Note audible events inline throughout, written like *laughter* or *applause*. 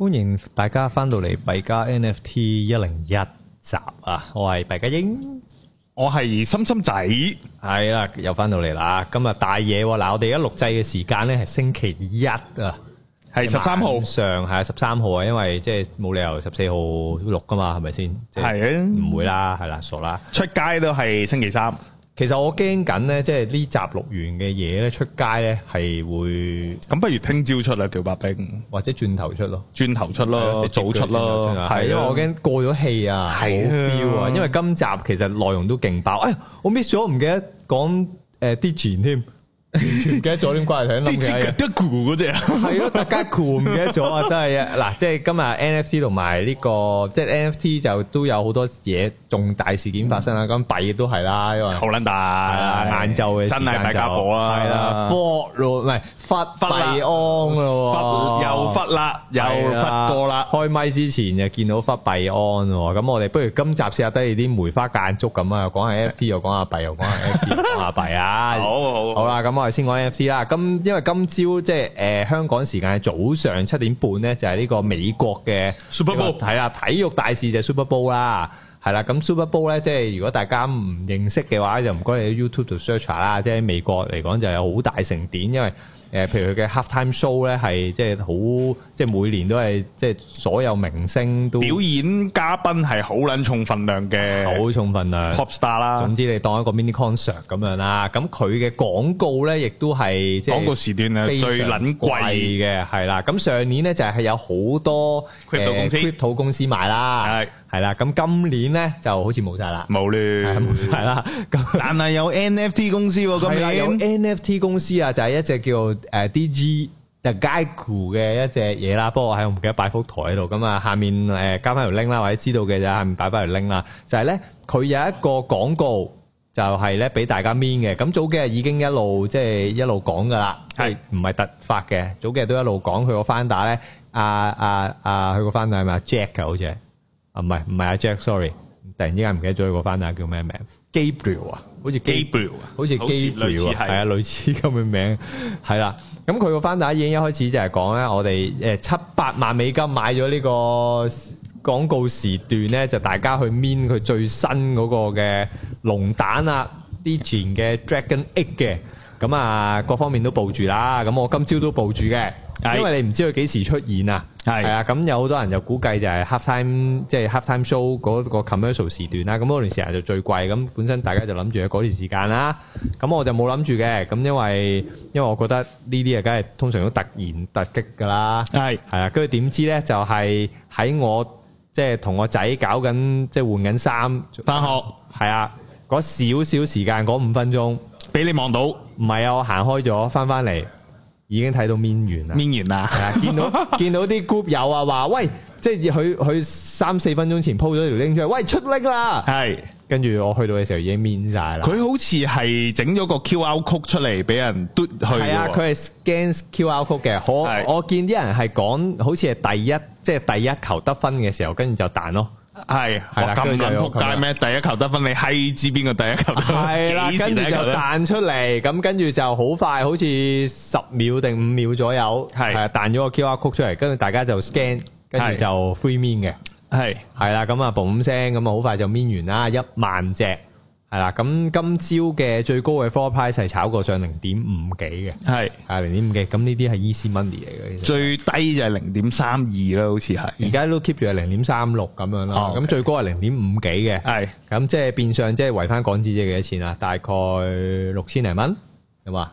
歡迎大家翻到嚟《幣加 NFT 一零一集》啊！我係幣加鷹，我係心心仔，係啦，又翻到嚟啦！今日大嘢嗱，我哋而家錄製嘅時間咧係星期一啊，係十三號上係十三號啊，因為即係冇理由十四號錄噶嘛，係咪先？係啊，唔會啦，係啦，傻啦，出街都係星期三。其實我驚緊咧，即係呢集錄完嘅嘢咧出街咧係會，咁不如聽朝出啊條白兵，或者轉頭出咯，轉頭出咯，即早出咯，係因為我驚過咗氣啊，的好 feel 啊，因為今集其實內容都勁爆，的哎呀我 miss 咗，唔記得講誒第幾添。呃完全唔記得咗點掛住喺諗嘅，係咯，大家估唔記得咗啊，真係啊，嗱，即係今日 NFT 同埋呢個，即係 NFT 就都有好多嘢重大事件發生啦，咁幣都係啦，因為好捻大，晏晝嘅時間就真係大家火啦，係啦，發咯，唔係發幣安咯，又發啦，又發過啦，開麥之前就見到發幣安，咁我哋不如今集試下啲梅花間竹咁啊，講下 NFT 又講下幣，又講下 NFT，講下幣啊，好好好啦，咁。我哋先講 NFC 啦，咁因為今朝即係誒、呃、香港時間早上七點半咧，就係、是、呢個美國嘅 Super Bowl 係啦，體育大事就係 Super Bowl 啦，係啦，咁 Super Bowl 咧，即係如果大家唔認識嘅話，就唔該你喺 YouTube 度 search 啦，即係美國嚟講就有好大成點因為。誒，譬如佢嘅 Half Time Show 咧，係即係好，即係每年都係，即係所有明星都表演嘉賓係好撚重份量嘅，好重份量，Top Star 啦。總之你當一個 Mini Concert 咁樣啦。咁佢嘅廣告咧，亦都係廣告時段啊，最撚貴嘅係啦。咁上年咧就係有好多誒，Crypto 公司買啦。係啦，咁今年咧就好似冇晒啦，冇咧，係冇晒啦，但係有 NFT 公司喎，咁有 NFT 公司啊，就係一隻叫誒 DG Deagle 嘅一隻嘢啦，不過我喺屋企擺幅台喺度，咁啊，下面誒加翻 link 啦，或者知道嘅就係下面擺翻 link 啦，就係咧佢有一個廣告就係咧俾大家 mean 嘅，咁早幾日已經一路即係一路講噶啦，係唔係突發嘅，早幾日都一路講佢個 founder 咧，阿阿阿佢個 founder 係咪 Jack 噶，好似？唔係唔係、啊、阿、啊、Jack，sorry，突然之間唔記得咗佢個翻打叫咩名？Gabriel 啊，Gabriel，好，Gabriel，好似 Gabriel 啊，好似 Gabriel 啊，係啊，類似咁嘅名，係 *laughs* 啦、啊。咁佢個翻打已經一開始就係講咧，我哋誒七八萬美金買咗呢個廣告時段咧，就大家去 mint 佢最新嗰個嘅龍蛋啊，之前嘅 Dragon Egg 嘅，咁啊各方面都佈住啦。咁我今朝都佈住嘅。因為你唔知佢幾時出現啊。係，係啊，咁有好多人就估計就係 half time，即係 half time show 嗰個 commercial 時段啦。咁嗰段時間就最貴。咁本身大家就諗住去嗰段時間啦。咁我就冇諗住嘅。咁因為因為我覺得呢啲嘢梗係通常都突然突擊噶啦。係，係啊。跟住點知咧？就係喺我即係同我仔搞緊，即係換緊衫翻學。係啊，嗰少少時間，嗰五分鐘俾你望到。唔係啊，我行開咗，翻翻嚟。已經睇到面完啦，面完啦，係啊，見到見到啲 group 友啊，話喂，即係佢佢三四分鐘前鋪咗條 link 出嚟，喂出力啦，係是，跟住我去到嘅時候已經面晒啦，佢好似係整咗個 QR code 出嚟俾人嘟去，係啊，佢係 scan QR code 嘅，我是我見啲人係講好似係第一，即係第一球得分嘅時候，跟住就彈咯。係，哇咁緊扑街咩？ *music* apa, 一第一球得分你閪知邊個第一球，的第一球得分？係啦，跟住就彈出嚟，咁跟住就好快，好似十秒定五秒左右，係的，彈咗個 QR code 出嚟，跟住大家就 scan，跟住就 free 面嘅，係的，係啦的，咁啊嘣 o o 聲，咁啊好快就 m 面完啦，一萬隻。係啦，咁、嗯、今朝嘅最高嘅 floor price 係炒過上零點五幾嘅，係啊零點五幾，咁呢啲係 easy money 嚟嘅。最低就係零點三二啦，好似係，而家是都 keep 住係零點三六咁樣啦。哦，咁、okay, 最高係零點五幾嘅，係咁是即係變相即係維翻港紙即係幾多錢啊？大概六千零蚊，係嘛？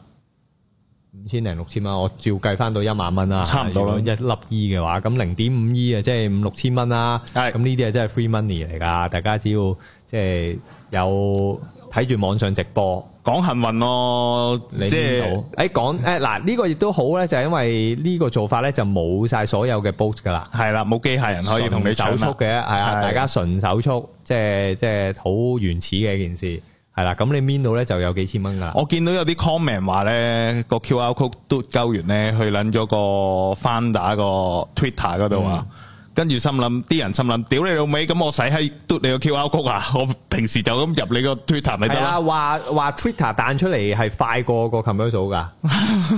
五千零六千蚊，我照計翻到一萬蚊啦。差唔多啦，一粒二、e、嘅話，咁零點五 e 啊，即係五六千蚊啦。係，咁呢啲係真係 free money 嚟噶，大家只要即係。有睇住網上直播，講幸運咯、哦。你搣到，誒、 *laughs* 哎、講，嗱、哎、呢、這個亦都好咧，就係、是、因為呢個做法咧就冇晒所有嘅 box 噶啦，係啦，冇機械人可以同你手速嘅，係啊的，的大家純手速，即係即係好原始嘅一件事，係啦。咁你 mint 到咧就有幾千蚊噶。我見到有啲 comment 話咧個 QR code 都鳩完咧，去撚咗個翻打、er、個 Twitter 嗰度啊。嗯。跟住心諗，啲人心諗，屌你老味，咁我使喺嘟你個 QR code 啊！我平時就咁入你個 Twitter 咪得咯。話話、啊、Twitter 彈出嚟係快過個 commercial 噶，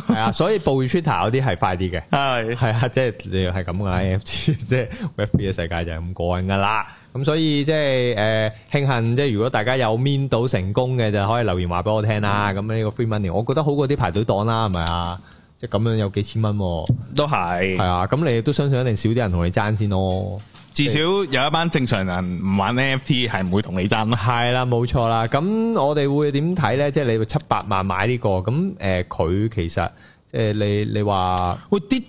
係啊， *laughs* 所以報 Twitter 嗰啲係快啲嘅。係係啊，即係你係咁噶，NFT 即係 Web3 世界就係咁過癮噶啦。咁所以即係誒，慶、嗯啊就是啊、幸即係如果大家有面到成功嘅，就可以留言話俾我聽啦。咁呢、嗯、個 free money，我覺得好過啲排隊檔啦，係咪啊？即咁樣有幾千蚊喎、哦是，都係，係啊，咁你都相信一定少啲人同你爭先咯。至少有一班正常人唔玩 NFT 係唔會同你爭啦。係啦、啊，冇錯啦。咁我哋會點睇咧？即係你七八萬買呢、這個，咁誒佢其實即係你你話會跌？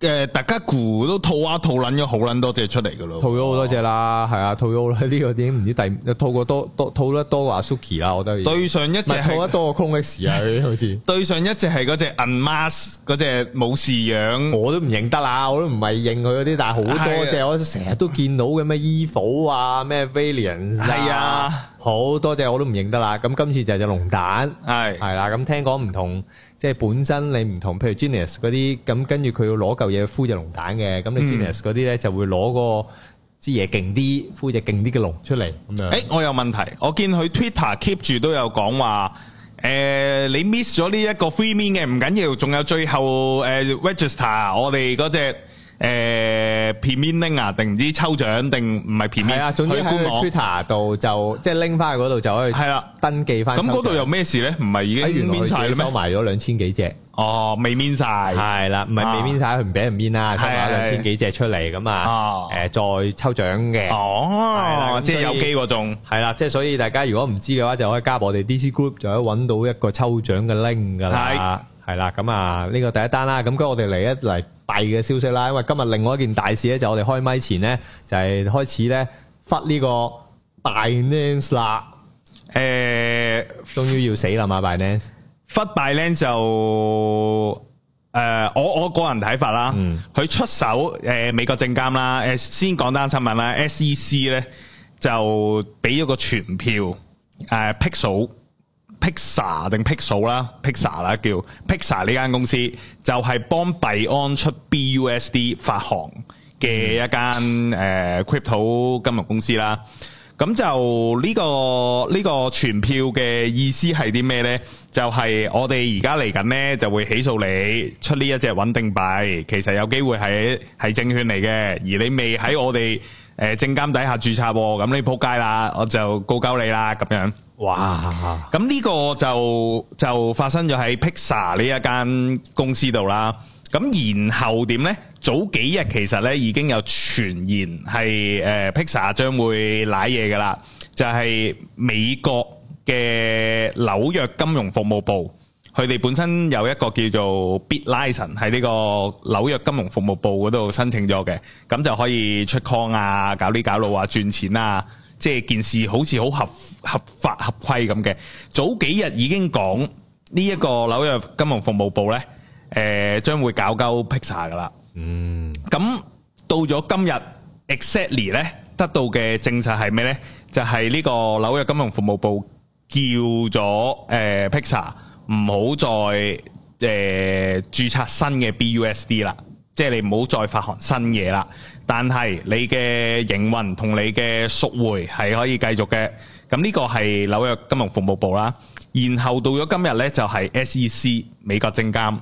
誒，大家估都套啊套捻咗好捻多隻出嚟噶咯，套咗好多隻啦，係啊，套咗好呢個點唔知第，套過多多套得多 Azuki 啊，我覺得。對上一隻套得多個空 X 啊，好似。對上一隻係嗰隻 unmask，嗰隻冇士樣我，我都唔認得啦，我都唔係認佢嗰啲，但係好多隻我成日都見到嘅咩 Evil 啊，咩 Valiance 係啊，好多隻我都唔認得啦。咁今次就係隻龍蛋，係係啦，咁聽講唔同。即係本身你唔同，譬如 Genius 嗰啲咁，跟住佢要攞嚿嘢孵隻龍蛋嘅，咁你 Genius 嗰啲咧就會攞個支嘢勁啲，孵隻勁啲嘅龍出嚟。咁樣，誒我有問題，我見佢 Twitter keep 住都有講話，誒你 miss 咗呢一個 free 面嘅唔緊要，仲有最後誒 register，我哋嗰隻。誒，premint link 啊，定唔知抽獎定唔係 premint？係啊，總之喺 Twitter 度就即係拎翻去嗰度就可以係啦，登記翻。咁嗰度有咩事咧？唔係已經完 mint 晒啦咩？收埋咗兩千幾隻。哦，未 mint 晒。係啦，唔係未 mint 晒，佢唔俾人 mint 啦，仲有兩千幾隻出嚟咁啊。哦，誒，再抽獎嘅。哦，即係有機嗰種。係啦，即係所以大家如果唔知嘅話，就可以加我哋 DC Group，就可以搵到一個抽獎嘅 link 噶啦。係啦，咁啊呢個第一單啦，咁跟我哋嚟一嚟弊嘅消息啦，因為今日另外一件大事咧，就是、我哋開麥前咧就係、是、開始咧忽呢個 Binance 啦，誒、欸，終於要死啦嘛 Binance，忽 Binance 就誒、呃，我我個人睇法啦，佢、嗯、出手誒、呃、美國證監啦，誒先講單新聞啦，SEC 咧就俾咗個傳票誒 Paxos。呃 Paxos, Pixar 定 Pixel 啦，Pixar 啦叫 Pixar 呢間公司就係、是、幫幣安出 BUSD 發行嘅一間誒、嗯呃、crypto 金融公司啦。咁就呢、這個呢、這個傳票嘅意思係啲咩呢？就係、是、我哋而家嚟緊呢，就會起訴你出呢一隻穩定幣，其實有機會係係證券嚟嘅，而你未喺我哋。誒證監底下註冊喎，咁你仆街啦，我就告鳩你啦，咁樣。哇！咁呢個就就發生咗喺 Pixar 呢一間公司度啦。咁然後點呢？早幾日其實呢已經有傳言係誒 Pixar 將會瀨嘢㗎啦，就係美國嘅紐約金融服務部，佢哋本身有一個叫做 BitLicense 喺呢個紐約金融服務部嗰度申請咗嘅，咁就可以出 coin 啊，搞呢搞路啊，賺錢啊，即係件事好似好合合法合規咁嘅。早幾日已經講呢一個紐約金融服務部呢，誒、呃、將會搞鳩 Paxos 噶啦。嗯，咁到咗今日 exactly 呢得到嘅證實係咩呢？就係、是、呢個紐約金融服務部叫咗誒、呃、Paxos 唔好再誒、呃、註冊新嘅 BUSD 啦，即係你唔好再發行新嘢啦。但係你嘅營運同你嘅贖回係可以繼續嘅。咁呢個係紐約金融服務部啦。然後到咗今日呢，就係、是、SEC 美國證監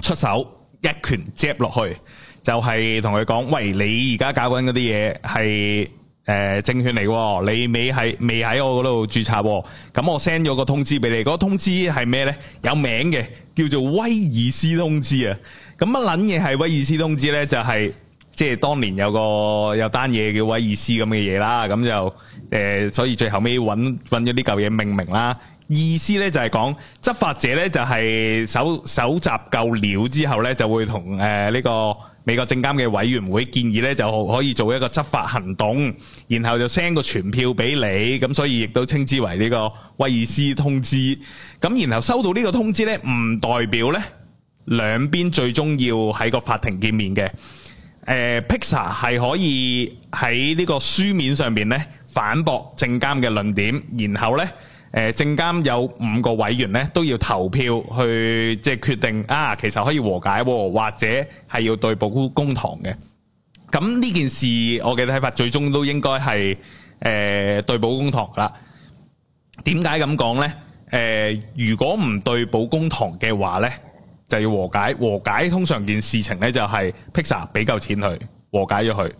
出手一拳接落去，就係同佢講：喂，你而家搞緊嗰啲嘢係誒，證券嚟嘅，你未喺未喺我嗰度註冊，咁、啊、我 send 咗個通知俾你。嗰、那個通知係咩呢？有名嘅，叫做威爾斯通知啊。咁乜撚嘢係威爾斯通知呢？就係、是、即係當年有個有單嘢叫威爾斯咁嘅嘢啦。咁就誒、呃，所以最後尾揾咗呢嚿嘢命名啦。意思呢就係講執法者呢，就係、是、搜搜集夠料之後呢，就會同誒呢個。美國證監嘅委員會建議咧，就可以做一個執法行動，然後就 send 個傳票俾你，咁所以亦都稱之為呢個威爾斯通知。咁然後收到呢個通知咧，唔代表咧兩邊最終要喺個法庭見面嘅。誒、呃，披薩係可以喺呢個書面上邊咧反駁證監嘅論點，然後咧。誒、呃、證監有五個委員咧，都要投票去即係決定啊，其實可以和解，或者係要對簿公堂嘅。咁呢件事我嘅睇法最終都應該係誒對簿公堂啦。點解咁講呢？誒、呃、如果唔對簿公堂嘅話呢，就要和解。和解通常件事情呢，就係 pizza 俾夠錢佢和解咗佢。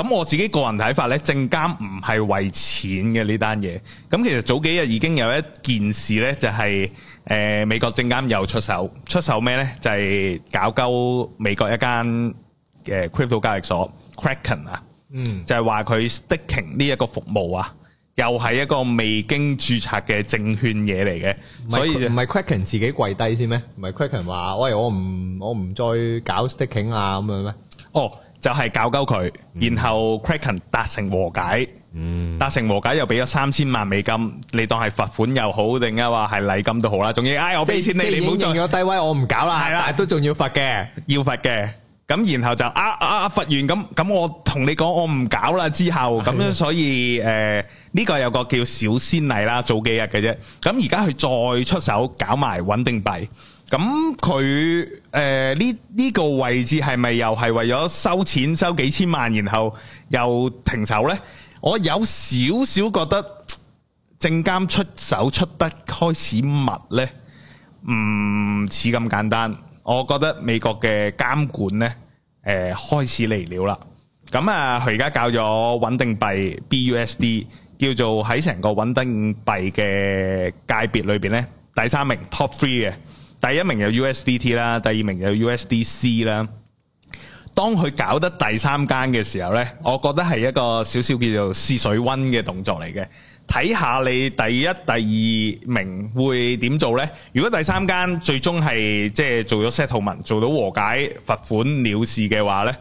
咁我自己個人睇法咧，證監唔係為錢嘅呢單嘢。咁其實早幾日已經有一件事咧、就係，就係誒美國證監又出手，出手咩咧？就係、係、搞鳩美國一間嘅、呃、crypto 交易所 Kraken 啊，嗯，就係話佢 staking 呢一個服務啊，又係一個未經註冊嘅證券嘢嚟嘅。My, 所以唔係 Kraken 自己跪低先咩？唔係 Kraken 話，喂，我唔我唔再搞 staking 啊咁樣咩？哦。Oh, 就係搞鳩佢，然後 Kraken 達成和解，達成和解又俾咗三千萬美金，你當係罰款又好，定啊話係禮金都好啦，仲要，哎，我俾錢你，你冇再，即係承認咗低威，我唔搞啦，係啦，都仲要罰嘅，要罰嘅，咁然後就啊啊啊罰完咁，咁我同你講，我唔搞啦，之後咁樣，所以誒呢個有個叫小先例啦，早幾日嘅啫，咁而家佢再出手搞埋穩定幣。咁佢誒呢呢個位置係咪又係為咗收錢收幾千萬，然後又停手呢？我有少少覺得證監出手出得開始密呢，唔似咁簡單。我覺得美國嘅監管呢，誒、呃、開始嚟了啦。咁、嗯、啊，佢而家搞咗穩定幣 BUSD，叫做喺成個穩定幣嘅界別裏邊呢，第三名 top three 嘅。第一名有 USDT 啦，第二名有 USDC 啦。當佢搞得第三間嘅時候呢，我覺得係一個少少叫做試水溫嘅動作嚟嘅，睇下你第一、第二名會點做呢？如果第三間最終係即係做咗 settlement，做到和解、罰款了事嘅話呢，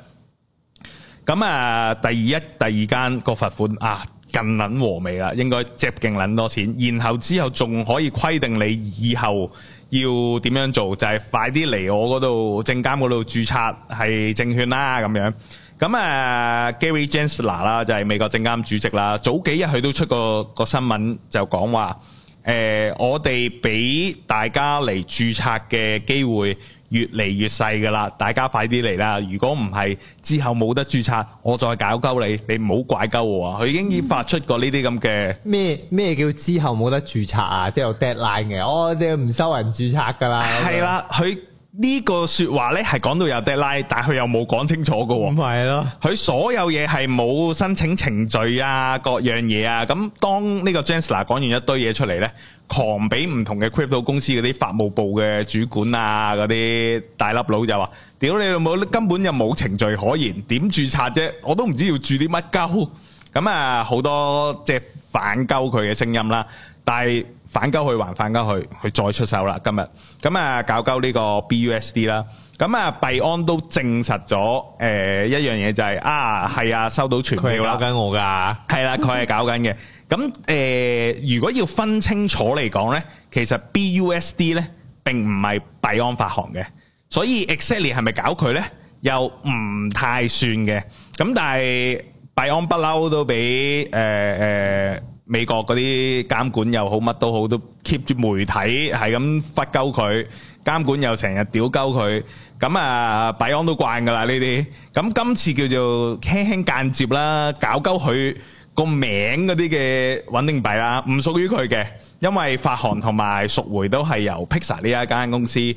咁啊，第一、第二間個罰款啊，更捻和味啦，應該接勁捻多錢，然後之後仲可以規定你以後。要點樣做就係、是、快啲嚟我嗰度證監嗰度註冊係證券啦咁樣，咁啊 Gary Gensler 啦就係、是、美國證監主席啦，早幾日佢都出過個個新聞就講話。誒、呃，我哋俾大家嚟註冊嘅機會越嚟越細噶啦，大家快啲嚟啦！如果唔係之後冇得註冊，我再搞鳩你，你唔好怪鳩我啊！佢已經已發出過呢啲咁嘅咩咩叫之後冇得註冊啊？即係 deadline 嘅、哦，我哋唔收人註冊噶啦。係啦、啊，佢。呢個說話咧係講到有 deadline，但係佢又冇講清楚嘅。唔係咯，佢所有嘢係冇申請程序啊，各樣嘢啊。咁當呢個 Gensler 講完一堆嘢出嚟咧，狂俾唔同嘅 crypto 公司嗰啲法務部嘅主管啊，嗰啲大粒佬就話：屌你老母，根本就冇程序可言，點注冊啫？我都唔知要注啲乜鳩。咁啊，好、嗯、多即係反鳩佢嘅聲音啦。但係，反鳩去還反鳩去，佢再出手啦！今日咁啊，搞鳩呢個 BUSD 啦，咁啊幣安都證實咗誒一樣嘢就係啊，係啊收到傳票啦！佢搞緊我噶，係啦，佢係搞緊嘅。咁誒，如果要分清楚嚟講咧，其實 BUSD 咧並唔係幣安發行嘅，所以 XELI 係咪搞佢咧？又唔太算嘅。咁但係幣安不嬲都俾誒誒。美國嗰啲監管又好，乜都好，都 keep 住媒體係咁忽鳩佢，監管又成日屌鳩佢，咁啊幣安都慣噶啦呢啲，咁今次叫做輕輕間接啦，搞鳩佢個名嗰啲嘅穩定幣啦，唔屬於佢嘅，因為發行同埋贖回都係由 Paxos 呢一間公司去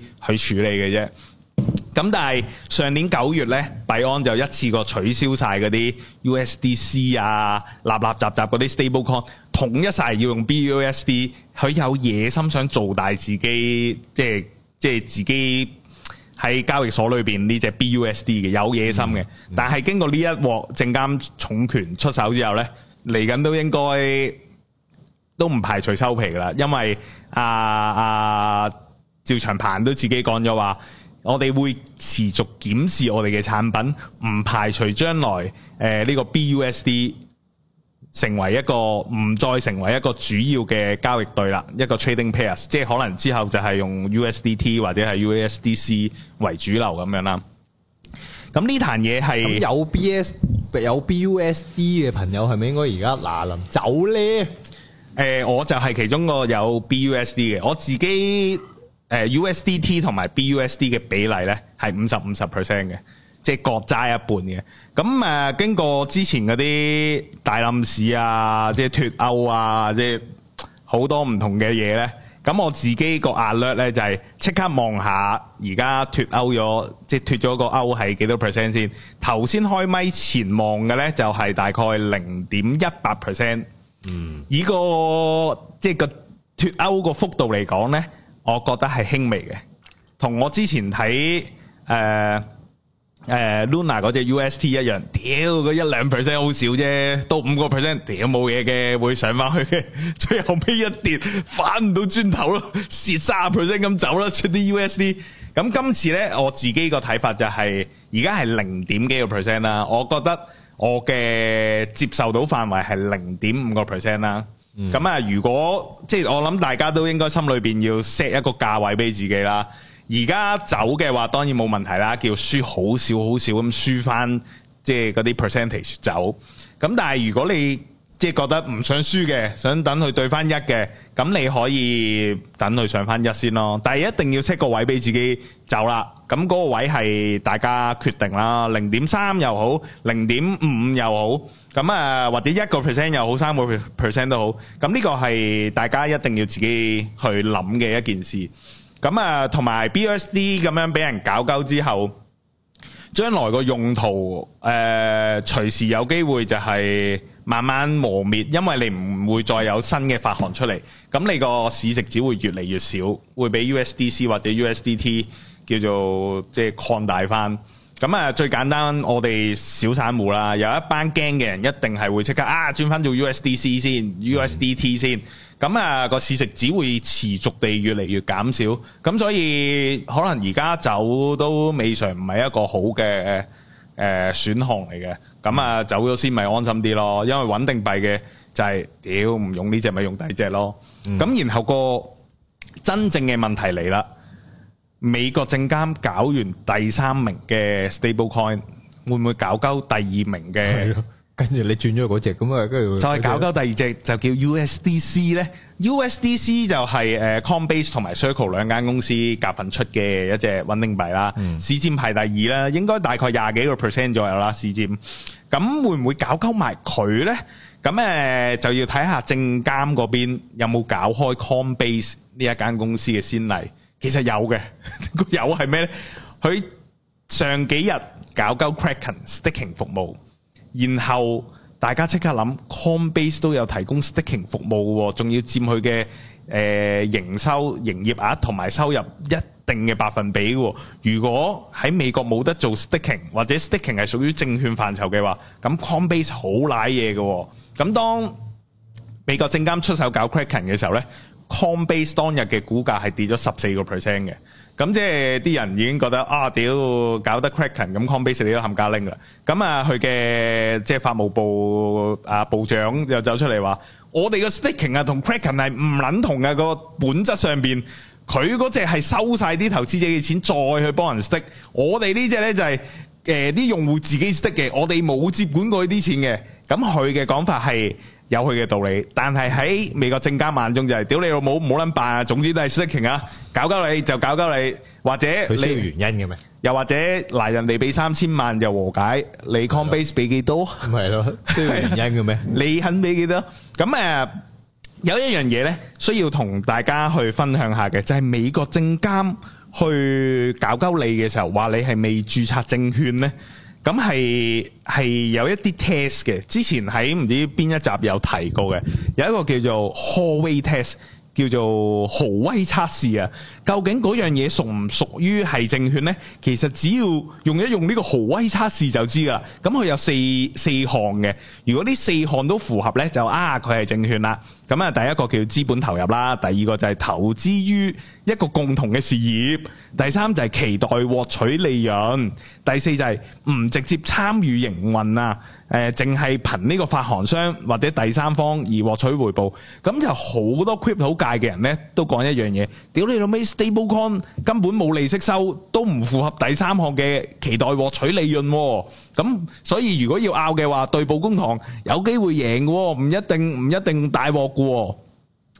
處理嘅啫。咁但係上年九月呢，幣安就一次過取消曬嗰啲 USDC 啊，立立雜雜嗰啲 stablecoin。統一晒要用 BUSD，佢有野心想做大自己，即係即係自己喺交易所裏邊呢隻 BUSD 嘅有野心嘅。嗯嗯、但係經過呢一鑊證監重拳出手之後咧，嚟緊都應該都唔排除收皮啦，因為啊啊趙長鵬都自己講咗話，我哋會持續檢視我哋嘅產品，唔排除將來誒呢、呃這個 BUSD。成為一個唔再成為一個主要嘅交易對啦，一個 trading pairs，即係可能之後就係用 USDT 或者係 USDC 為主流咁樣啦。咁呢壇嘢係有 BS 有 BUSD 嘅朋友係咪應該而家嗱臨走咧？誒、呃，我就係其中個有 BUSD 嘅，我自己誒、呃、USDT 同埋 BUSD 嘅比例咧係五十五十 percent 嘅。即係割齋一半嘅，咁誒、呃、經過之前嗰啲大冧市啊，即係脫歐啊，即係好多唔同嘅嘢咧。咁我自己個壓略咧就係即刻望下而家脫歐咗，即係脫咗個歐係幾多 percent 先？頭先開咪前望嘅咧就係大概零點一八%。percent。嗯，以個即係個脫歐個幅度嚟講咧，我覺得係輕微嘅，同我之前睇誒。呃誒、uh, Luna 嗰隻 UST 一樣，屌嗰一兩 percent 好少啫，都五個 percent，屌冇嘢嘅，會上返去嘅，最後尾一跌，返唔到磚頭咯，蝕三十 percent 咁走啦，出啲 USD。咁今次咧，我自己個睇法就係、是，而家係零點幾個 percent 啦，我覺得我嘅接受到範圍係零點五個 percent 啦。咁啊，嗯、如果即係、就是、我諗，大家都應該心裏邊要 set 一個價位俾自己啦。而家走嘅話，當然冇問題啦。叫輸好少好少咁輸翻，即係嗰啲 percentage 走。咁但係如果你即係覺得唔想輸嘅，想等佢對翻一嘅，咁你可以等佢上翻一先咯。但係一定要 check 個位俾自己走啦。咁嗰個位係大家決定啦，零點三又好，零點五又好，咁啊、呃、或者一個 percent 又好，三個 percent 都好。咁呢個係大家一定要自己去諗嘅一件事。咁啊，同埋 BUSD 咁樣俾人搞鳩之後，將來個用途誒、呃、隨時有機會就係慢慢磨滅，因為你唔會再有新嘅發行出嚟，咁你個市值只會越嚟越少，會俾 USDC 或者 USDT 叫做即係擴大翻。咁啊，最簡單我哋小散戶啦，有一班驚嘅人一定係會即刻啊轉翻做 USDC 先、嗯、USDT 先。咁啊，個市值只會持續地越嚟越減少，咁所以可能而家走都未嘗唔係一個好嘅誒、呃、選項嚟嘅，咁啊走咗先咪安心啲咯，因為穩定幣嘅就係屌唔用呢隻咪用第隻咯，咁、嗯、然後個真正嘅問題嚟啦，美國證監搞完第三名嘅 stable coin 會唔會搞鳩第二名嘅？跟住你轉咗嗰隻咁啊，跟住再搞鳩第二隻，就叫 USDC 咧。USDC 就係誒 Coinbase 同埋 Circle 兩間公司夾份出嘅一隻穩定幣啦。市佔排第二啦，應該大概廿幾個 percent 左右啦。市佔咁會唔會搞鳩埋佢咧？咁誒就要睇下證監嗰邊有冇搞開 Coinbase 呢一間公司嘅先例。其實有嘅，有係咩咧？佢上幾日搞鳩 Kraken Staking 服務。然後大家即刻諗，Coinbase 都有提供 staking 服務喎，仲要佔佢嘅誒營收、營業額同埋收入一定嘅百分比喎。如果喺美國冇得做 staking，或者 staking 係屬於證券範疇嘅話，咁 Coinbase 好賴嘢嘅。咁當美國證監出手搞 crackdown 嘅時候呢，Coinbase 當日嘅股價係跌咗十四個 percent 嘅。咁即係啲人已經覺得啊，屌搞得 Kraken 咁，Coinbase 你都冚家拎啦。咁、嗯、啊，佢嘅即係法務部啊部長又走出嚟話：我哋個 staking 啊 cr 同 Kraken 係唔撚同嘅，個本質上邊，佢嗰隻係收晒啲投資者嘅錢再去幫人 stake，我哋呢隻咧就係誒啲用戶自己 stake 嘅，我哋冇接管過啲錢嘅。咁佢嘅講法係。有佢嘅道理，但係喺美國證監眼中就係屌你老母冇冇撚辦啊！總之都係 sucking 啊，搞鳩你就搞鳩你，或者佢需要原因嘅咩？又或者嗱人哋俾三千萬又和解，你 Coinbase 俾幾多？唔係咯，需要原因嘅咩？你肯俾幾多？咁誒有一樣嘢咧，需要同大家去分享下嘅，就係美國證監去搞鳩你嘅時候，話你係未註冊證券咧。咁係係有一啲 test 嘅，之前喺唔知邊一集有提過嘅，有一個叫做 Howey test，叫做豪威測試啊。究竟嗰樣嘢屬唔屬於係證券呢？其實只要用一用呢個豪威測試就知噶啦。咁佢有四四項嘅，如果呢四項都符合呢，就啊佢係證券啦。咁啊，第一個叫資本投入啦，第二個就係投資於一個共同嘅事業，第三就係期待獲取利潤，第四就係唔直接參與營運啊，誒、呃，淨係憑呢個發行商或者第三方而獲取回報。咁就好多 crypto 界嘅人呢都講一樣嘢，屌你老味 stable coin 根本冇利息收，都唔符合第三項嘅期待獲取利潤啊。咁所以如果要拗嘅話，對簿公堂有機會贏喎，唔一定唔一定大鑊喎。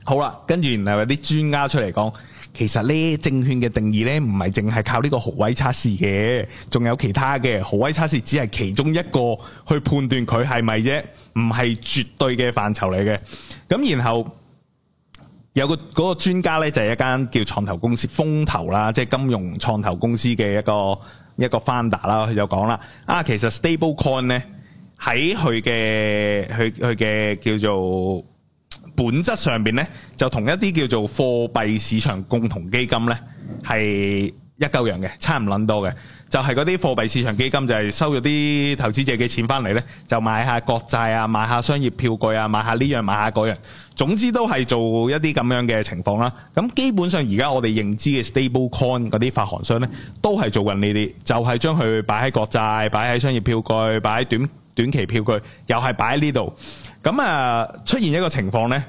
好啦，跟住然後有啲專家出嚟講，其實呢，證券嘅定義呢，唔係淨係靠呢個豪威測試嘅，仲有其他嘅豪威測試，只係其中一個去判斷佢係咪啫，唔係絕對嘅範疇嚟嘅。咁然後有個嗰個專家呢，就係一間叫創投公司，風投啦，即係金融創投公司嘅一個。一個 founder 啦，佢就講啦，啊，其實 stable coin 咧喺佢嘅佢佢嘅叫做本質上邊咧，就同一啲叫做貨幣市場共同基金咧係一嚿洋嘅，差唔捻多嘅，就係嗰啲貨幣市場基金就，就係收咗啲投資者嘅錢翻嚟呢就買下國債啊，買下商業票據啊，買下呢樣，買下嗰樣，總之都係做一啲咁樣嘅情況啦。咁基本上而家我哋認知嘅 stable coin 嗰啲發行商呢，都係做緊呢啲，就係將佢擺喺國債、擺喺商業票據、擺喺短短期票據，又係擺喺呢度。咁啊，出現一個情況呢，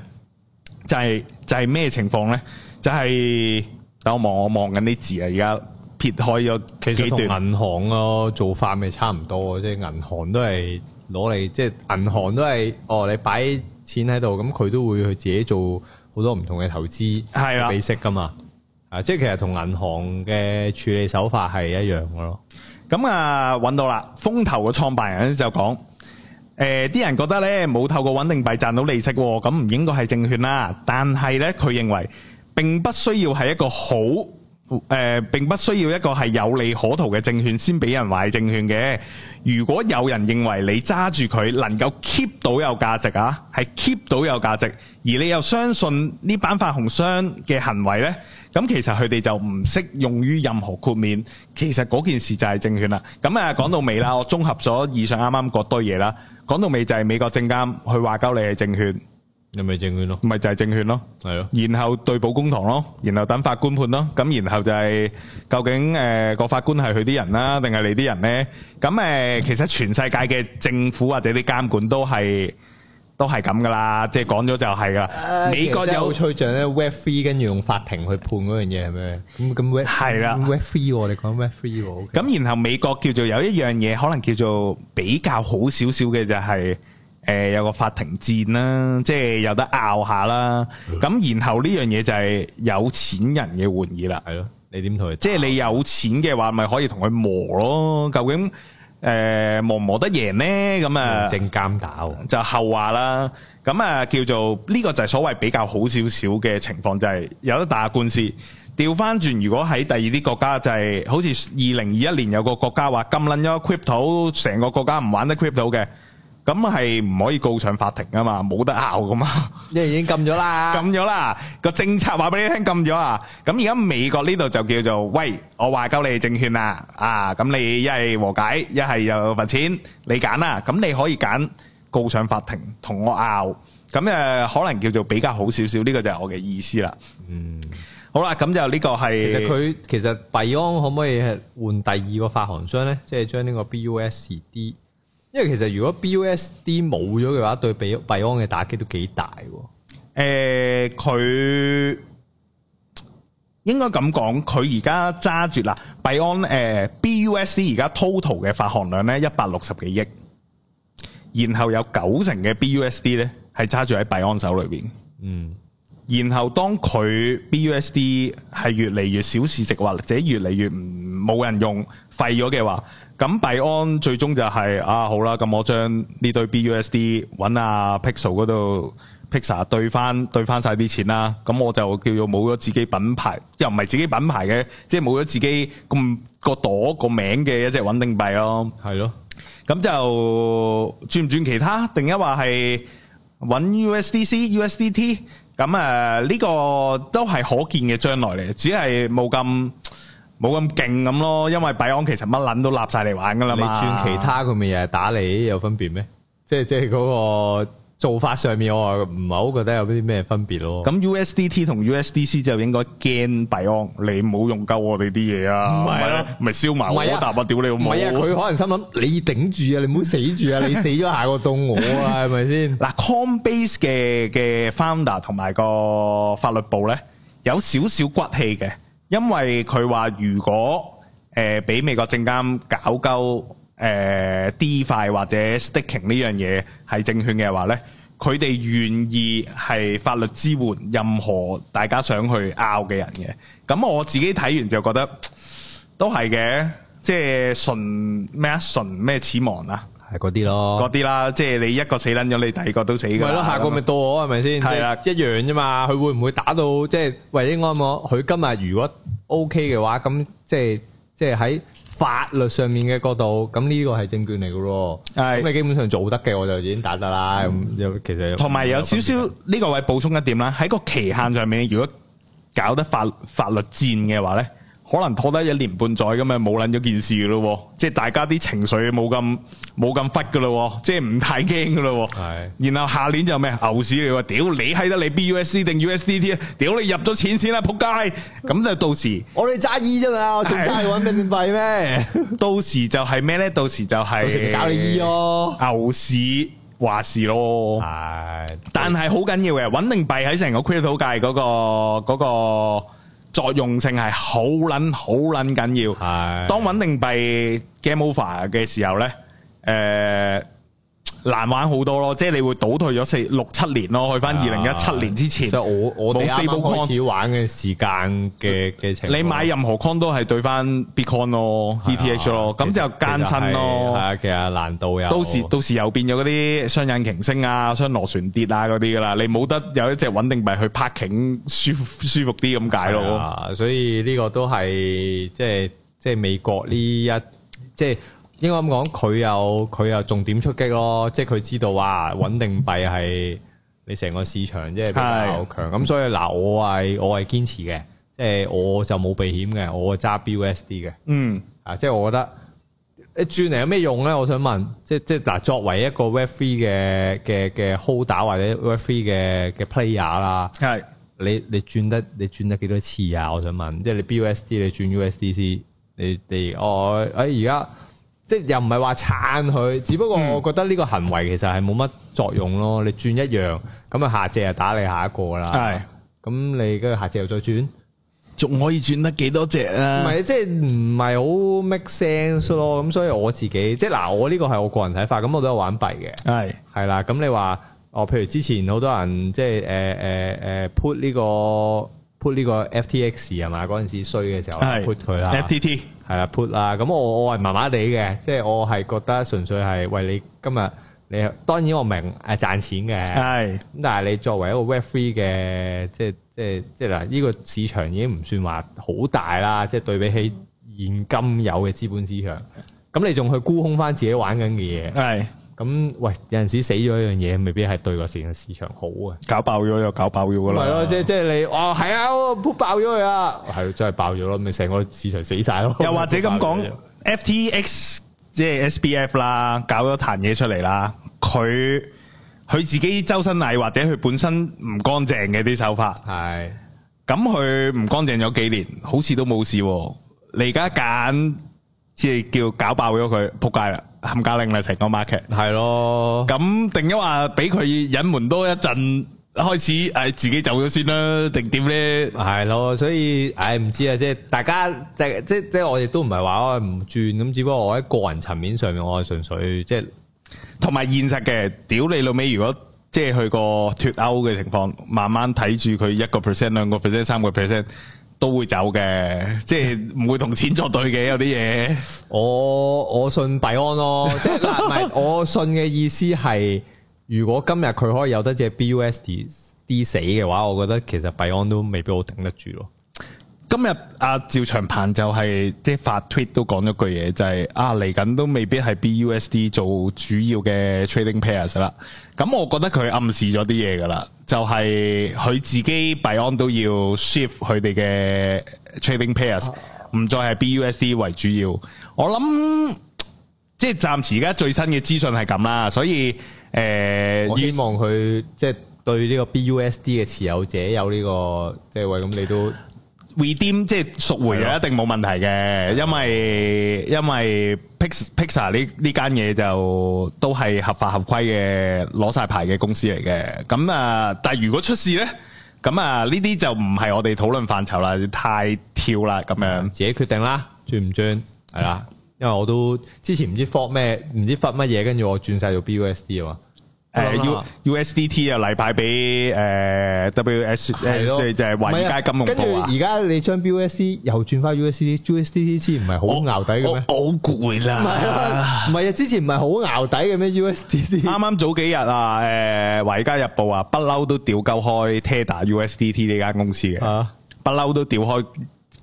就係，就係咩情況呢？就係。等我望，我望緊啲字啊！而家撇開咗，其實同銀行咯做法咪差唔多，即係銀行都係攞嚟，即係銀行都係哦，你擺錢喺度，咁佢都會去自己做好多唔同嘅投資，係啊，利息噶嘛，啊，即係其實同銀行嘅處理手法係一樣噶咯。咁啊，搵到啦，風投嘅創辦人就講，誒，啲人覺得咧冇透過穩定幣賺到利息，咁唔應該係證券啦，但係咧佢認為。並不需要係一個好誒、呃，並不需要一個係有利可圖嘅證券先俾人話係證券嘅。如果有人認為你揸住佢能夠 keep 到有價值啊，係 keep 到有價值，而你又相信呢班發行商嘅行為呢，咁其實佢哋就唔適用於任何豁免。其實嗰件事就係證券啦。咁啊，嗯、講到尾啦，我綜合咗以上啱啱嗰堆嘢啦，講到尾就係美國證監去話鳩你係證券。你咪證券咯，咪就係證券咯，係咯。然後對簿公堂咯，然後等法官判咯。咁然後就係究竟誒個法官係佢啲人啦，定係你啲人咧？咁誒，其實全世界嘅政府或者啲監管都係都係咁噶啦。即係講咗就係噶啦。美國有趣就係咧，Web Three 跟住用法庭去判嗰樣嘢係咩？咁咁 Web 係啦，Web Three 你講 Web Three。咁然後美國叫做有一樣嘢，可能叫做比較好少少嘅就係。誒、呃，有個法庭戰啦，即係有得拗下啦。咁、嗯、然後呢樣嘢就係有錢人嘅玩意啦，係咯、嗯。你點同佢？即係你有錢嘅話，咪可以同佢磨咯。究竟誒、呃、磨唔磨得贏呢？咁啊正監打，就後話啦。咁啊叫做呢、這個就係所謂比較好少少嘅情況，就係、是、有得打官司。調翻轉，如果喺第二啲國家，就係、是、好似二零二一年有個國家話禁捻咗 crypto，成個國家唔玩得 crypto 嘅。咁係唔可以告上法庭啊嘛，冇得拗噶嘛，因為已經禁咗啦，禁咗啦，個政策話俾你聽禁咗啊。咁而家美國呢度就叫做，喂，我話鳩你證券啦，啊，咁你一係和解，一係又罰錢，你揀啦。咁你可以揀告上法庭同我拗，咁誒可能叫做比較好少少，呢個就係我嘅意思啦。嗯，好啦，咁就呢個係其實佢其實幣安可唔可以係換第二個發行商咧？即係將呢個 BUSD。因為其實如果 BUSD 冇咗嘅話，對幣安嘅打擊都幾大、啊。誒、呃，佢應該咁講，佢而家揸住嗱，幣安誒、呃、BUSD 而家 total 嘅發行量咧一百六十幾億，然後有九成嘅 BUSD 咧係揸住喺幣安手裏邊。嗯，然後當佢 BUSD 係越嚟越少市值或者越嚟越唔冇人用廢咗嘅話。咁幣安最終就係啊，好啦，咁我將呢堆 BUSD 揾啊 Pixel 嗰度，Pixel 兌翻兌翻曬啲錢啦，咁我就叫做冇咗自己品牌，又唔係自己品牌嘅，即係冇咗自己咁個朵個名嘅一隻穩定幣咯。係咯，咁就轉唔轉其他？定一話係揾 USDC、USDT？咁誒呢個都係可見嘅將來嚟，只係冇咁。冇咁勁咁咯，因為幣安其實乜捻都立晒嚟玩噶啦嘛。你轉其他佢咪又係打你，有分別咩？即係即係嗰個做法上面，我話唔係好覺得有啲咩分別咯。咁 USDT 同 USDC 就應該驚幣安，你唔好用鳩我哋啲嘢啊！唔係啊，咪燒埋我啊！大伯、啊，啊、屌你冇！佢、啊、可能心諗你頂住啊，你唔好死住啊， *laughs* 你死咗下個到我啊，係咪先？嗱，Coinbase 嘅嘅 founder 同埋個法律部咧，有少少骨氣嘅。因為佢話如果誒俾、呃、美國證監搞鳩誒 D 塊或者 staking 呢樣嘢係證券嘅話呢，佢哋願意係法律支援任何大家想去拗嘅人嘅。咁我自己睇完就覺得都係嘅，即係純咩啊，純咩死亡啊？係嗰啲咯，嗰啲啦，即係你一個死撚咗，你第二個都死。係咯，下個咪到我係咪先？係啊，一樣啫嘛。佢會唔會打到？即係，喂，安安，我佢今日如果 OK 嘅話，咁即係即係喺法律上面嘅角度，咁呢個係證券嚟噶咯。係咁，你基本上做得嘅，我就已經打得啦。咁，有其實同埋有少少呢個位補充一點啦。喺個期限上面，如果搞得法法律戰嘅話咧。可能拖得一年半載咁啊，冇捻咗件事咯，即係大家啲情緒冇咁冇咁忽噶咯，即係唔太驚噶咯。係。是的 然後下年就咩牛市你話，屌你閪得你 BUSD 定 USDT 啊？屌你入咗錢先啦，仆街。咁就到時我哋揸 E 啫嘛，我仲揸穩定幣咩？到時就係咩咧？到時就係到時搞你 E 咯。牛市話事咯，係。 *laughs* 但係好緊要嘅，穩定幣喺成個 crypto 界嗰、嗰個個。嗰個作用性係好撚好撚緊要， *noise* 當穩定幣 game over 嘅時候咧，誒、呃。難玩好多咯，即係你會倒退咗四六七年咯，去翻二零一七年之前。我我冇 stable coin 開始玩嘅時間嘅嘅情況。你買任何 coin 都係兌翻 bitcoin 咯 ETH 咯，咁就奸親咯。實咯啊，其實難度有到。到時到時又變咗嗰啲雙引擎升啊，雙螺旋跌啊嗰啲噶啦，你冇得有一隻穩定幣去 parking 舒舒服啲咁解咯、啊。所以呢個都係即係即係美國呢一即係。應該咁講，佢又佢又重點出擊咯，即係佢知道啊，穩定幣係你成個市場， *laughs* 即係好強。咁所以嗱，我係我係堅持嘅，即係我就冇避險嘅，我揸 BUSD 嘅。嗯，啊，即係我覺得你轉嚟有咩用咧？我想問，即係即係嗱，作為一個 Web3 嘅嘅嘅 holder 或者 Web3 嘅嘅 player 啦是，係你你轉得你轉得幾多次啊？我想問，即係你 BUSD 你轉 USDC，你哋，我誒而家。即係又唔係話撐佢，只不過我覺得呢個行為其實係冇乜作用咯。你轉一樣咁啊，下隻啊打你下一個啦。係咁的，你跟下隻又再轉，仲可以轉得幾多隻啊？唔係，即係唔係好 make sense 咯。咁所以我自己即係嗱，我呢個係我個人睇法。咁我都有玩幣嘅。係係啦。咁你話哦，譬如之前好多人即係誒誒誒 put 呢個 put 呢個 FTX 係嘛？嗰陣時衰嘅時候的我 put 佢啦。FTT。係啦，put 啦，咁 *music* 我我係麻麻地嘅，即係我係覺得純粹係為你今日你，當然我明誒賺錢嘅，係咁對 但係你作為一個 Web3 嘅，即係即係即係嗱，呢個市場已經唔算話好大啦，即係對比起現今有嘅資本市場，咁你仲去沽空翻自己玩緊嘅嘢？係對。咁喂，有陣時死咗一樣嘢，未必係對個成個市場好啊！搞爆咗又搞爆咗噶啦，咪係咯？即係即係你，哦係啊，扑爆咗佢啦，係真係爆咗咯，咪成個市場死晒咯。又或者咁講，FTX 即係 SBF 啦，搞咗壇嘢出嚟啦，佢佢自己周身蟻，或者佢本身唔乾淨嘅啲手法，係咁佢唔乾淨咗幾年，好似都冇事。你而家揀即係叫搞爆咗佢扑街啦！冚家令嚟成個 market，係咯。咁定咗話俾佢隱瞞多一陣，開始誒自己走咗先啦，定點咧？係咯，所以唉，唔知啊，即係大家即係即係，即係我亦都唔係話我唔轉，咁只不過我喺個人層面上面，我係純粹即係同埋現實嘅。屌你老味，如果即係去個脫歐嘅情況，慢慢睇住佢一個 percent、兩個 percent、三個 percent。都會走嘅，即係唔會同錢作對嘅，有啲嘢。 *laughs* 我信、哦、 *laughs* 我信幣安咯，即係嗱，唔係我信嘅意思係，如果今日佢可以有得隻 BUSD 跌死嘅話，我覺得其實幣安都未必好頂得住咯。今日阿、啊、趙長鵬就係、是、即係發 tweet 都講咗句嘢，就係、是、啊嚟緊都未必係 BUSD 做主要嘅 trading pairs 啦。咁我覺得佢暗示咗啲嘢㗎啦，就係、是、佢自己幣安都要 shift 佢哋嘅 trading pairs，唔再係 BUSD 為主要。我諗即係暫時而家最新嘅資訊係咁啦，所以誒，呃、我希望佢即係對呢個 BUSD 嘅持有者有呢、這個即係為咁，就是、你都。redeem 即係贖回啊，一定冇問題嘅的，因為因為 pix pixar 呢呢間嘢就都係合法合規嘅，攞晒牌嘅公司嚟嘅。咁啊，但係如果出事咧，咁啊呢啲就唔係我哋討論範疇啦，太跳啦咁樣，自己決定啦，轉唔轉係啦。因為我都之前唔知，知發咩，唔知發乜嘢，跟住我轉晒做 BUSD 啊嘛。誒，U S, S、呃 US、D T 就禮拜俾誒、呃、W S 誒的，即係華爾街金融。跟住而家你將 U S C 又轉翻 U S C U S D T，唔係好熬底嘅咩？好攰啦，唔係 *laughs* 啊，啊，之前唔係好熬底嘅咩？U S D T 啱啱 *laughs* 早幾日啊，誒、呃，華爾街日報啊，不嬲都吊鳩開 Tether U S D T 呢間公司嘅，不嬲、啊、都吊開，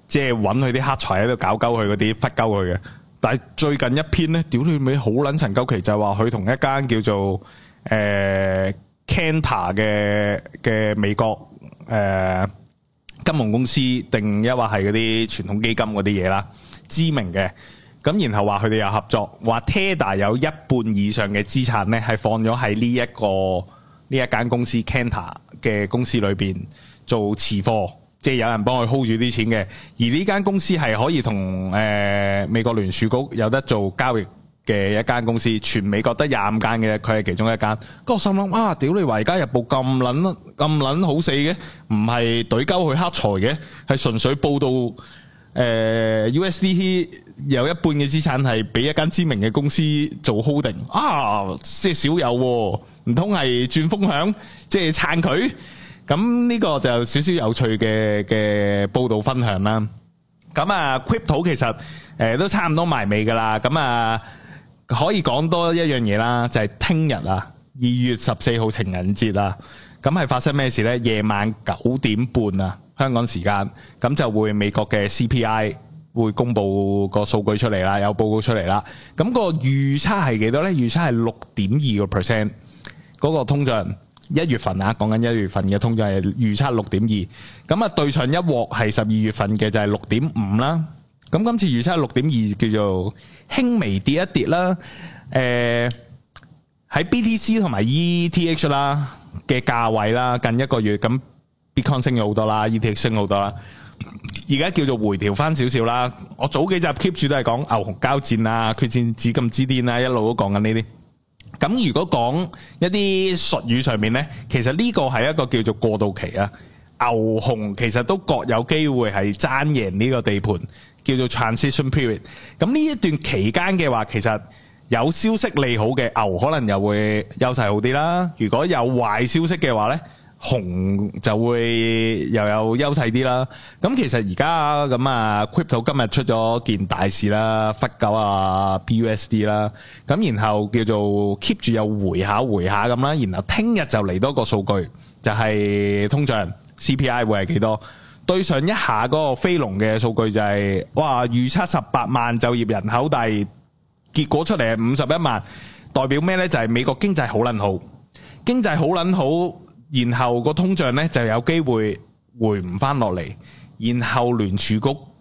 即係揾佢啲黑財喺度搞鳩佢嗰啲，忽鳩佢嘅。但係最近一篇咧，屌亂尾好撚神鳩奇，就係話佢同一間叫做就是誒 Cantor 嘅嘅美國誒、呃、金融公司，定一或係嗰啲傳統基金嗰啲嘢啦，知名嘅。咁然後話佢哋有合作，話 Tether 有一半以上嘅資產呢係放咗喺呢一個呢一間公司 Cantor 嘅公司裏邊做持貨，即係有人幫佢 hold 住啲錢嘅。而呢間公司係可以同誒、呃、美國聯儲局有得做交易。嘅一間公司，全美國得廿五間嘅，佢係其中一間。咁我心諗啊，屌你華爾街日報咁撚，咁撚好死嘅，唔係對鳩佢黑財嘅，係純粹報道。誒，USDC 有一半嘅資產係俾一間知名嘅公司做 holding 啊，即係少有喎，唔通係轉風向，即係撐佢？咁呢個就少少有趣嘅嘅報導分享啦。咁啊，Crypto 其實誒都差唔多埋尾噶啦。咁啊～可以講多一樣嘢啦，就係聽日啊，二月十四號情人節啊，咁係發生咩事呢？夜晚九點半啊，香港時間，咁就會美國嘅 CPI 會公布個數據出嚟啦，有報告出嚟啦。咁個預測係幾多呢？預測係六點二個 percent，嗰個通脹一月份啊，講緊一月份嘅通脹係預測六點二，咁啊對上一鑊係十二月份嘅就係六點五啦。咁今次預測係六點二，叫做輕微跌一跌啦。誒，喺 BTC 同埋 ETH 啦嘅價位啦，近一個月咁，Bitcoin 升咗好多啦，ETH 升好多啦。而家叫做回調翻少少啦。我早幾集 keep 住都係講牛熊交戰啊、決戰紫禁之巔啊，一路都講緊呢啲。咁如果講一啲術語上面咧，其實呢個係一個叫做過渡期啊。牛熊其實都各有機會係爭贏呢個地盤。叫做 transition period，咁呢一段期間嘅話，其實有消息利好嘅牛可能又會優勢好啲啦。如果有壞消息嘅話咧，熊就會又有優勢啲啦。咁其實而家咁啊，crypto 今日出咗件大事啦，忽搞啊 BUSD 啦，咁然後叫做 keep 住又回下回下咁啦，然後聽日就嚟多個數據，就係通脹 CPI 會係幾多？對上一下嗰個飛龍嘅數據就係，哇！預測十八萬就業人口，但係結果出嚟係五十一萬，代表咩呢？就係美國經濟好撚好，經濟好撚好，然後個通脹呢就有機會回唔翻落嚟，然後聯儲局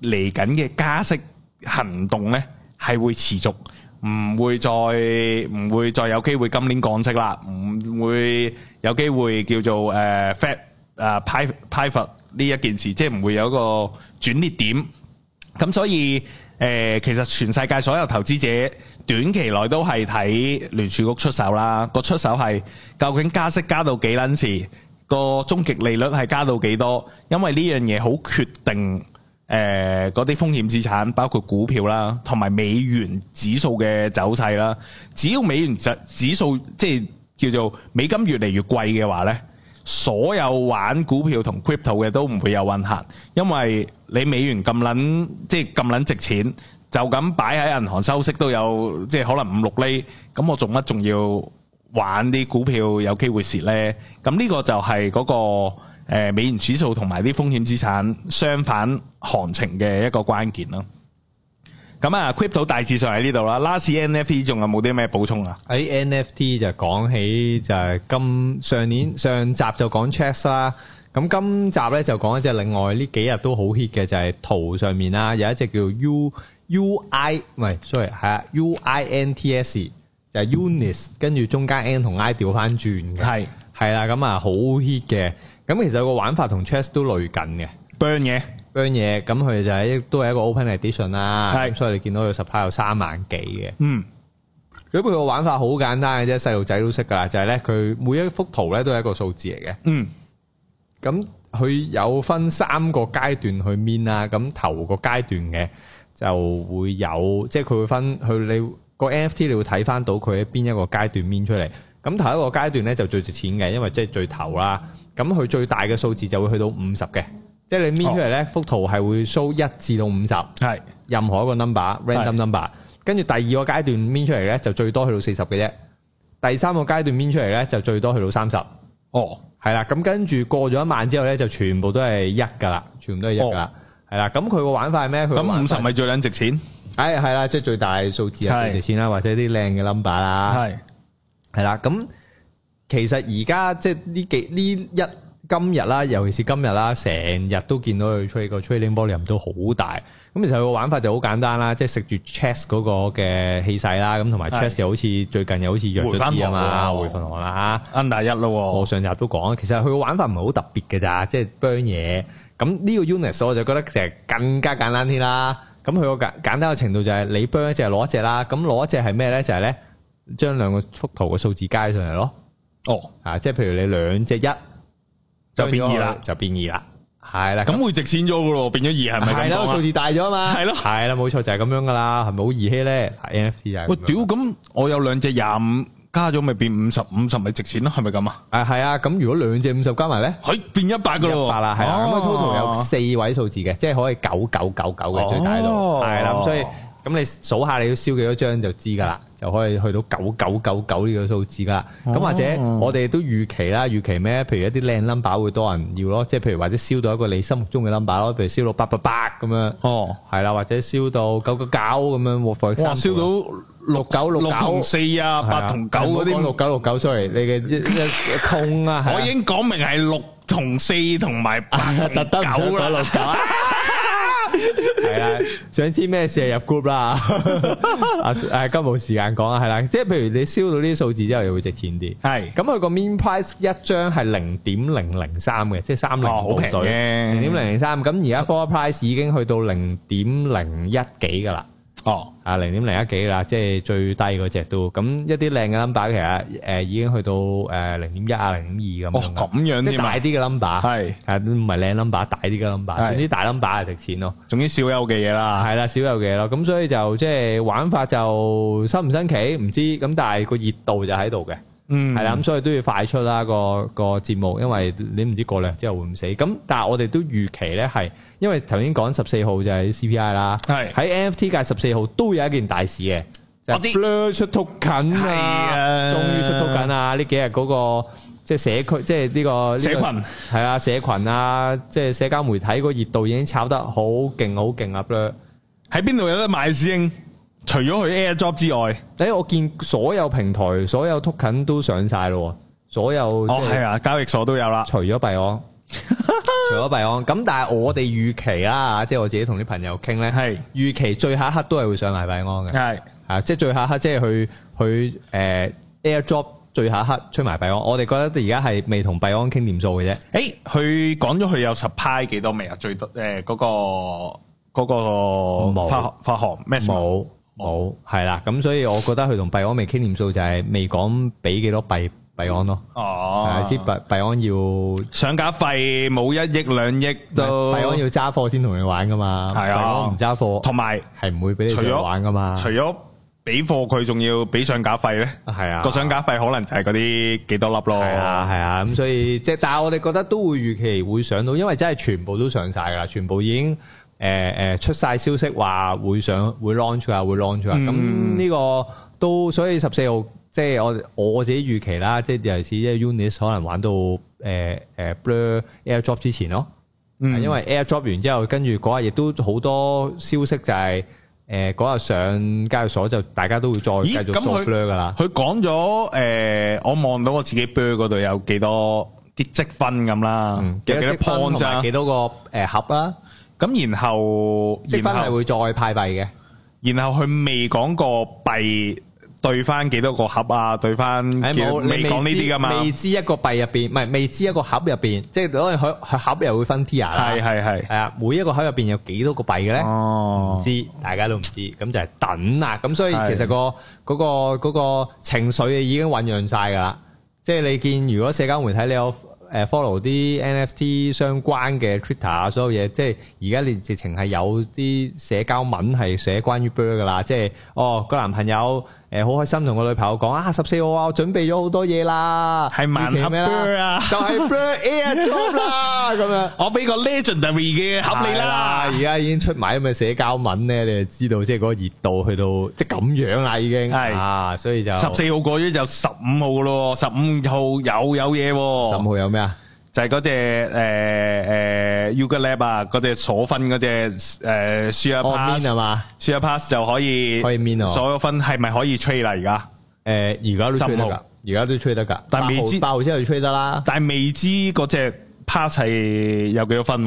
嚟緊嘅加息行動呢係會持續，唔會再唔會再有機會今年降息啦，唔會有機會叫做誒 Fed 誒派派發。呢一件事，即係唔會有一個轉捩點，咁所以誒、呃，其實全世界所有投資者短期內都係睇聯儲局出手啦。個出手係究竟加息加到幾捻時，個終極利率係加到幾多？因為呢樣嘢好決定誒，嗰、呃、啲風險資產，包括股票啦，同埋美元指數嘅走勢啦。只要美元指指數即係叫做美金越嚟越貴嘅話呢。所有玩股票同 crypto 嘅都唔會有混淆，因為你美元咁捻即係咁捻值錢，就咁擺喺銀行收息都有即係、就是、可能五六厘，咁我做乜仲要玩啲股票有機會蝕呢？咁呢個就係嗰、那個誒、呃、美元指數同埋啲風險資產相反行情嘅一個關鍵啦。咁啊，crypto 大致上喺呢度啦。last NFT 仲有冇啲咩補充啊？喺 NFT 就講起就係今上年上集就講 Chess 啦。咁今集咧就講一隻另外呢幾日都好 hit 嘅就係圖上面啦，有一隻叫 UUI，唔係，sorry 係啊，UINTS 就係 Unit，跟住中間 N 同 I 調翻轉嘅，係係啦，咁啊好 hit 嘅。咁其實有個玩法同 Chess 都類緊嘅。burn 嘢。樣嘢咁佢就係都係一個 open edition 啦，是嗯、所以你見到佢 supply 有三萬幾嘅。嗯，咁佢個玩法好簡單嘅啫，細路仔都識噶啦，就係咧佢每一幅圖咧都係一個數字嚟嘅。嗯，咁佢有分三個階段去 mint 啦，咁頭個階段嘅就會有，即係佢會分去你、嗰個 NFT 你會睇翻到佢喺邊一個階段 mint 出嚟。咁頭一個階段咧就最值錢嘅，因為即係最頭啦。咁佢最大嘅數字就會去到五十嘅。即係你搣出嚟咧，幅，oh. 圖係會 show 一至到五十，係是任何一個 number random number，跟住第二個階段搣出嚟咧就最多去到四十嘅啫，第三個階段搣出嚟咧就最多去到三十。哦、oh.，係啦，咁跟住過咗一晚之後咧，就全部都係一噶啦，全部都係一噶啦，係啦，oh.。咁佢個玩法係咩？咁五十咪最捻值錢？誒，哎，係啦，即係最大數字係值錢啦，或者啲靚嘅 number 啦，係係啦。咁其實而家即係呢幾呢一。今日啦，尤其是今日啦，成日都見到佢吹個 trading volume 都好大。咁其實佢個玩法就好簡單啦，即係食住 Chess 嗰個嘅氣勢啦，咁同埋 Chess 又好似最近又好似弱咗啲啊嘛，回粉紅啦，under 一咯。我上集都講，其實佢個玩法唔係好特別嘅咋，即係 burn 嘢。咁呢個 Unis 我就覺得成更加簡單啲啦。咁佢個簡簡單嘅程度就係你 burn 一隻攞一隻啦。咁攞一隻係咩咧？就係咧將兩個幅圖嘅數字加上嚟咯。哦，啊，即係譬如你兩隻一。就變二啦，就變二啦，係啦，咁會值錢咗噶咯，變咗二係咪？係咯，數字大咗嘛，係咯，係啦，冇錯，就係咁樣噶啦，係咪好兒戲咧？NFT 啊，喂屌，咁我有兩隻廿五加咗，咪變五十五十咪值錢咯，係咪咁啊？啊，係啊，咁如果兩隻五十加埋咧，係變一百噶咯，一百啦，係啦，咁啊，total 有四位數字嘅，即係可以九九九九嘅最大嗰度，係啦，所以。咁你數下你要燒幾多張就知噶啦，就可以去到九九九九呢個數字噶啦。咁或者我哋都預期啦，預期咩？譬如一啲靚 number 會多人要咯，即係譬如或者燒到一個你心目中嘅 number 咯，譬如燒到八八八咁樣。哦，係啦，或者燒到九九九咁樣，或燒到六九六九四啊，八同九嗰啲六九六九出嚟，你嘅一通啊！我已經講明係六同四同埋八特登九啦。係啦， *laughs* 想知咩事入 group 啦？啊， *laughs* 今冇時間講啊，係啦，即係譬如你燒到呢啲數字之後，又會值錢啲。係是，咁佢個 mint price 一張係零點零零三嘅，即係三零，哦，好平嘅零點零零三。咁而家 floor price 已經去到零點零一幾噶啦。哦，啊，零點零一幾啦，即係最低嗰隻都，咁一啲靚嘅 number 其實誒已經去到誒零點一啊零點二咁樣。哦，咁樣添啊！即係大啲嘅 number，係啊，唔係靚 number，大啲嘅 number，總之大 number 係值錢咯。總之少有嘅嘢啦，係啦，少有嘅嘢咯。咁所以就即係玩法就新唔新奇唔知，咁但係個熱度就喺度嘅，嗯，係啦。咁所以都要快出啦個個節目，因為你唔知過兩朝之後會唔死。咁但係我哋都預期咧係。因為頭先講十四號就係 CPI 啦是，係喺 NFT 界十四號都有一件大事嘅，就係、是、出 token，係啊，終於出 token 啊！呢幾日嗰、那個即係、就是、社區，即係呢個社群係、這個、啊，社群啊，即、就、係、是、社交媒體個熱度已經炒得好勁，好勁啦！喺邊度有得買先？除咗佢 AirDrop 之外，等誒、哎，我見所有平台所有 token 都上晒咯，所有係、就是哦、啊，交易所都有啦，除咗幣安。 *laughs* 除咗幣安，咁但係我哋預期啦， *noise* 即係我自己同啲朋友傾咧，係預是期最下一刻都係會上埋幣安嘅，係是啊，即係最下一刻，即係去去誒、呃、air drop 最下一刻吹埋幣安。我哋覺得，得而家係、欸、未同幣安傾掂數嘅啫。誒，佢講咗佢有 supply 幾多未啊？最多誒、嗰、呃那個嗰、那個那個發行發咩沒？冇冇係啦。咁所以我覺得佢同幣安未傾掂數，就係未講俾幾多幣。幣安咯，係、哦啊、知即幣幣安要上架費冇，一億兩億都，幣安要揸貨先同你玩噶嘛，係啊，唔揸貨，同埋係唔會俾你出去除除上架玩噶嘛，除咗俾貨佢仲要俾上架費咧，係啊，個上架費可能就係嗰啲幾多粒咯，係啊，係啊，咁、嗯、所以即但係我哋覺得都會預期會上到，因為真係全部都上晒噶啦，全部已經誒誒、呃呃、出晒消息話會上會 launch 啊會 launch 啊，咁呢、嗯、個都所以十四號。即係我我自己預期啦，即係尤其是即係 Unis 可能玩到誒誒 Blur Air Drop 之前咯，因為 Air Drop 完之後，跟住嗰日亦都好多消息就係誒嗰日上交易所就大家都會再繼續送 Blur 噶啦。佢講咗誒，我望到我自己 Blur 嗰度有幾多啲積分咁啦，幾多積分同埋幾多個誒盒啦。咁然後積分係會再派幣嘅，然後佢未講過幣。對翻幾多個盒啊？對翻、哎、你講呢啲噶嘛？未知一個幣入邊，唔係未知一個盒入邊，即係可能佢盒盒又會分 tier 啦。係係係係啊！每一個盒入邊有幾多個幣嘅咧？哦、唔知，大家都唔知，咁就係等啊！咁所以其實、嗰個係、嗰個、嗰個情緒已經醞釀晒噶啦。即係你見，如果社交媒體你有誒 follow 啲 NFT 相關嘅 Twitter 啊，所有嘢，即係而家你直情係有啲社交文係寫關於 bird 噶啦，即係哦個男朋友。誒，好、呃、開心同我女朋友講啊，十四號啊，我準備咗好多嘢啦，係萬合、啊、就係 Blur Airdrop 啦，咁 *laughs* *laughs* 樣我俾個 legendary 嘅合理啦。而家已經出埋咁嘅社交文咧，你就知道即係嗰個熱度去到即係咁樣啦，已經是啊，所以就十四號過咗就十五號咯，十五號有有嘢，十五號有咩啊？就係嗰隻誒誒 Yuga Lab 鎖、呃 pass, oh, mean, 啊，嗰隻鎖分嗰隻誒 Sewer Pass 係嘛 Sewer Pass 就可以可以免鎖咗分係咪可以 trade 而家，e 誒，而家、呃、都 trade 而家都 trade 得噶。但未知八號先可以 trade 得啦、er。但係未知嗰隻 pass 係有幾多分？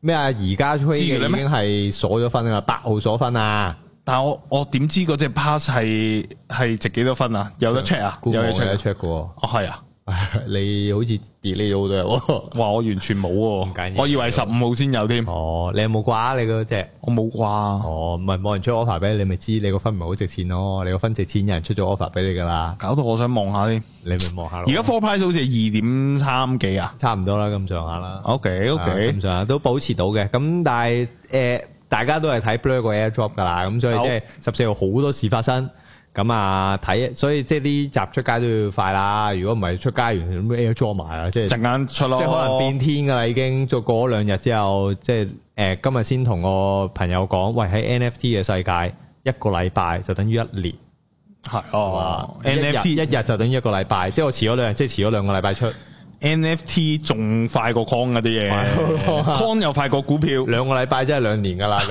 咩啊？而家 trade 已經係鎖咗分啦，八號鎖分啊！但係我我點知嗰隻 pass 係係值幾多分啊？有得 check 啊？有冇有得 check 過？哦，係啊。 *laughs* 你好似 delete 咗好多、啊、哇！我完全冇喎、啊，唔介意。我以為十五號先有添、啊。哦，你有冇掛、啊、你個隻？我冇掛。哦，唔係冇人出 offer 俾你，咪知你個分唔係好值錢咯、啊。你個分值錢，有人出咗 offer 俾你噶啦。搞到我想望下先。你咪望下咯。而家 floor price 好似係二點三幾啊？差唔多啦，咁上下啦。O K O K，咁上下都保持到嘅。咁但係誒、呃，大家都係睇 blur 個 airdrop 噶啦。咁所以即係十四號好多事發生。好咁啊，睇，所以即係呢集出街都要快啦。如果唔係出街完咁咩都 airdrop 埋啦，即係即係可能變天噶啦，已經再過咗兩日之後，即係誒、呃，今日先同個朋友講，喂，喺 NFT 嘅世界，一個禮拜就等於一年，係哦 NFT 一,一日就等於一個禮拜， *laughs* 即係我遲咗兩，即係遲咗兩個禮拜出。NFT 仲快過 Coin 嗰啲嘢，Coin 又快過股票，兩個禮拜即係兩年㗎啦，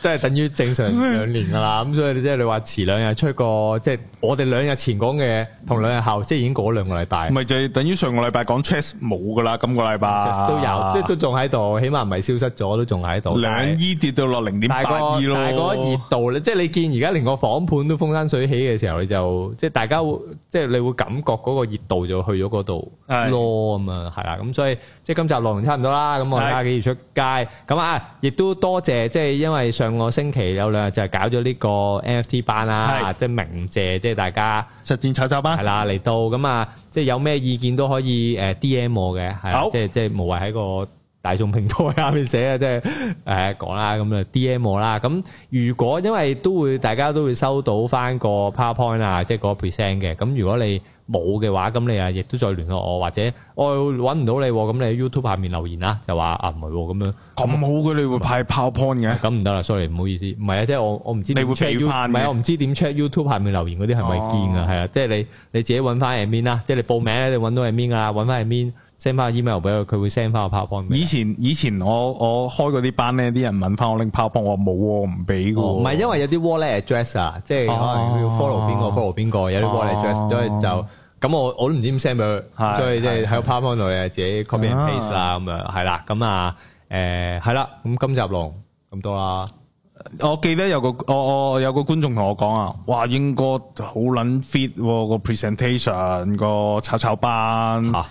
即係等於正常兩年㗎啦。咁所以即係你話遲兩日出個，即係我哋兩日前講嘅同兩日後即係已經過咗兩個禮拜。唔係就係等於上個禮拜講 Chess 冇㗎啦，今個禮拜都有，即係都仲喺度，起碼唔係消失咗，都仲喺度。兩億跌到落零點八二咯，大個熱度即係你見而家連個房盤都風生水起嘅時候，你就即係大家會即係你會感覺嗰個熱度就去咗嗰度。多咁啊，係啦，咁所以即係今集內容差唔多啦，咁我睇下幾時出街，咁啊，亦都多謝，即係因為上個星期有兩日就係搞咗呢個 NFT 班啦，即係明謝，即係大家實戰操作班係啦，嚟到咁啊，即係有咩意見都可以誒 DM 我嘅，即係即係無謂喺個大眾平台下面寫啊，即係誒講啦，咁啊 DM 我啦，咁如果因為都會大家都會收到翻個 PowerPoint 啊，即係嗰個 present 嘅，咁如果你。冇嘅話，咁你啊，亦都再聯絡我，或者我揾唔到你，咁你喺 YouTube 下面留言啦，就話啊唔係咁樣。咁好嘅不你會派 PowerPoint 嘅，咁唔得啦，sorry，唔好意思。唔係啊，即係我我唔知 you，你會唔係我唔知點 check YouTube 下面留言嗰啲係咪見嘅，係啊、哦，即係你你自己揾 Amen 啦，即係你報名你揾到頁面噶啦，揾翻 Amen send 翻 email 俾佢，佢會 send 翻個 PowerPoint 以前以前我我開嗰啲班咧，啲人問翻我拎 PowerPoint，我冇，我唔俾噶。唔係、哦、因為有啲 wallet address 啊，即係可能要 follow 邊個 follow 邊個，有啲 wallet address、啊、所以就咁、啊、我我都唔知點 send 俾佢，是所以即係喺個 PowerPoint 度自己 cover 人 face 啦，咁樣係、啊嗯、啦，咁啊誒係啦，咁今集龍咁多啦。我記得有個我我、哦、有個觀眾同我講啊，哇，英哥好撚 fit 個 presentation、個炒炒、那個那個、班。啊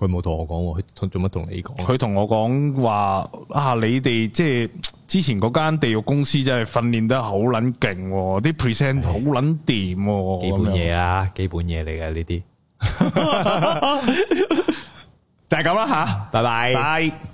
佢冇同我講，佢做乜同你講？佢同我講話啊！你哋即係之前嗰間地獄公司真係訓練得好撚勁，啲 present 好撚掂。基本嘢啊，樣基本嘢嚟嘅呢啲，就係咁啦吓，拜拜拜。